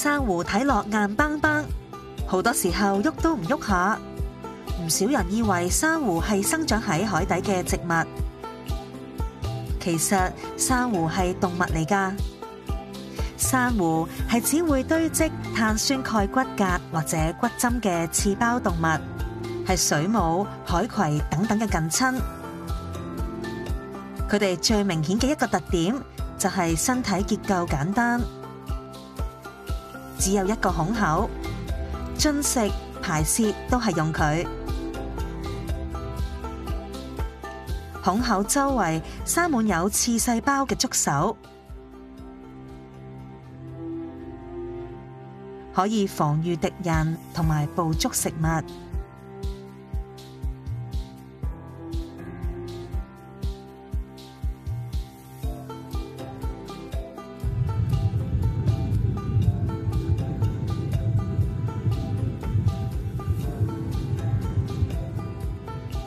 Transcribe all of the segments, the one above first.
珊瑚睇落硬梆梆，好多時候喐都唔喐下。唔少人以為珊瑚係生長喺海底嘅植物，其實珊瑚係動物嚟㗎。珊瑚係只會堆積碳酸鈣骨骼或者骨針嘅刺胞動物，係水母、海葵等等嘅近親。佢哋最明顯嘅一個特點就係身體結構簡單。只有一個孔口，進食、排泄都係用佢。孔口周圍生滿有刺細胞嘅觸手，可以防禦敵人同埋捕捉食物。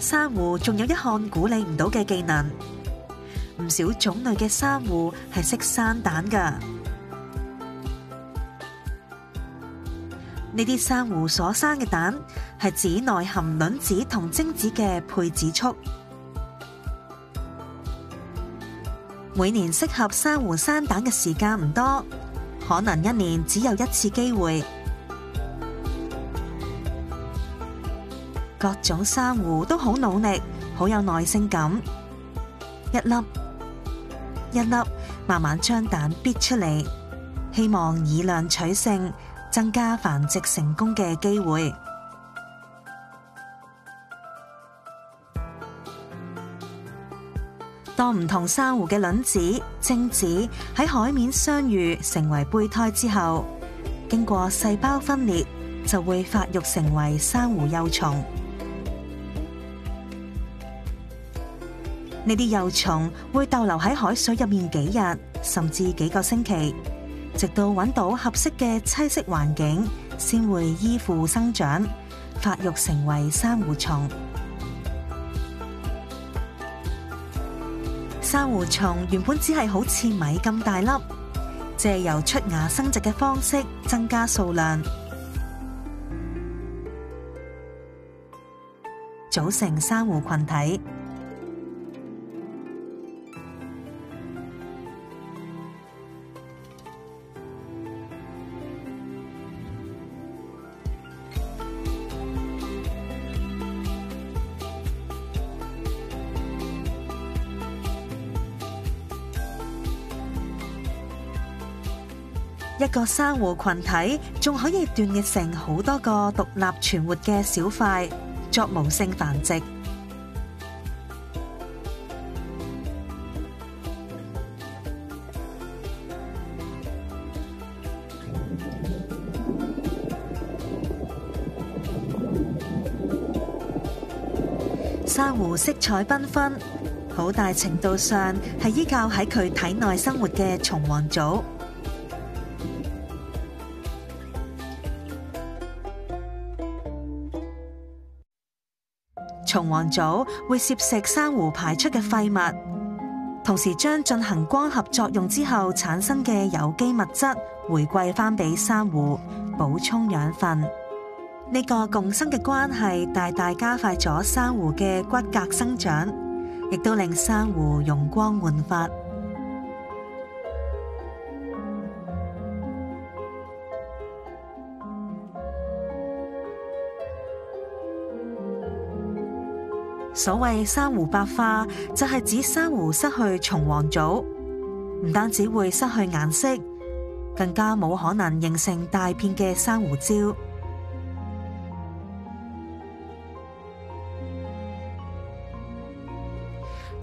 珊瑚仲有一項鼓勵唔到嘅技能，唔少種類嘅珊瑚係識生蛋噶。呢啲珊瑚所生嘅蛋係指內含卵子同精子嘅配子束。每年適合珊瑚生蛋嘅時間唔多，可能一年只有一次機會。各種珊瑚都好努力，好有耐性咁，一粒一粒慢慢將蛋逼出嚟，希望以量取勝，增加繁殖成功嘅機會。當唔同珊瑚嘅卵子、精子喺海面相遇，成為胚胎之後，經過細胞分裂，就會發育成為珊瑚幼蟲。呢啲幼蟲會逗留喺海水入面幾日，甚至幾個星期，直到揾到合適嘅棲息環境，先會依附生長、發育成為珊瑚蟲。珊瑚蟲原本只係好似米咁大粒，借由出芽生殖嘅方式增加數量，組成珊瑚群體。一個珊瑚群體仲可以斷裂成好多個獨立存活嘅小塊，作無性繁殖。珊瑚色彩繽紛，紛，好大程度上係依靠喺佢體內生活嘅蟲黃藻。蟲黃藻會攝食珊瑚排出嘅廢物，同時將進行光合作用之後產生嘅有機物質回饋翻俾珊瑚，補充養分。呢個共生嘅關係大大加快咗珊瑚嘅骨骼生長，亦都令珊瑚容光煥發。所謂珊瑚白化，就係指珊瑚失去蟲黃藻，唔單止會失去顏色，更加冇可能形成大片嘅珊瑚礁。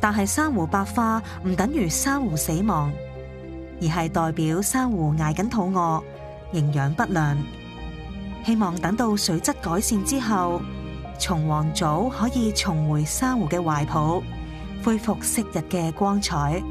但係珊瑚白化唔等於珊瑚死亡，而係代表珊瑚捱緊肚餓、營養不良。希望等到水質改善之後。蟲黃藻可以重回珊瑚嘅懷抱，恢復昔日嘅光彩。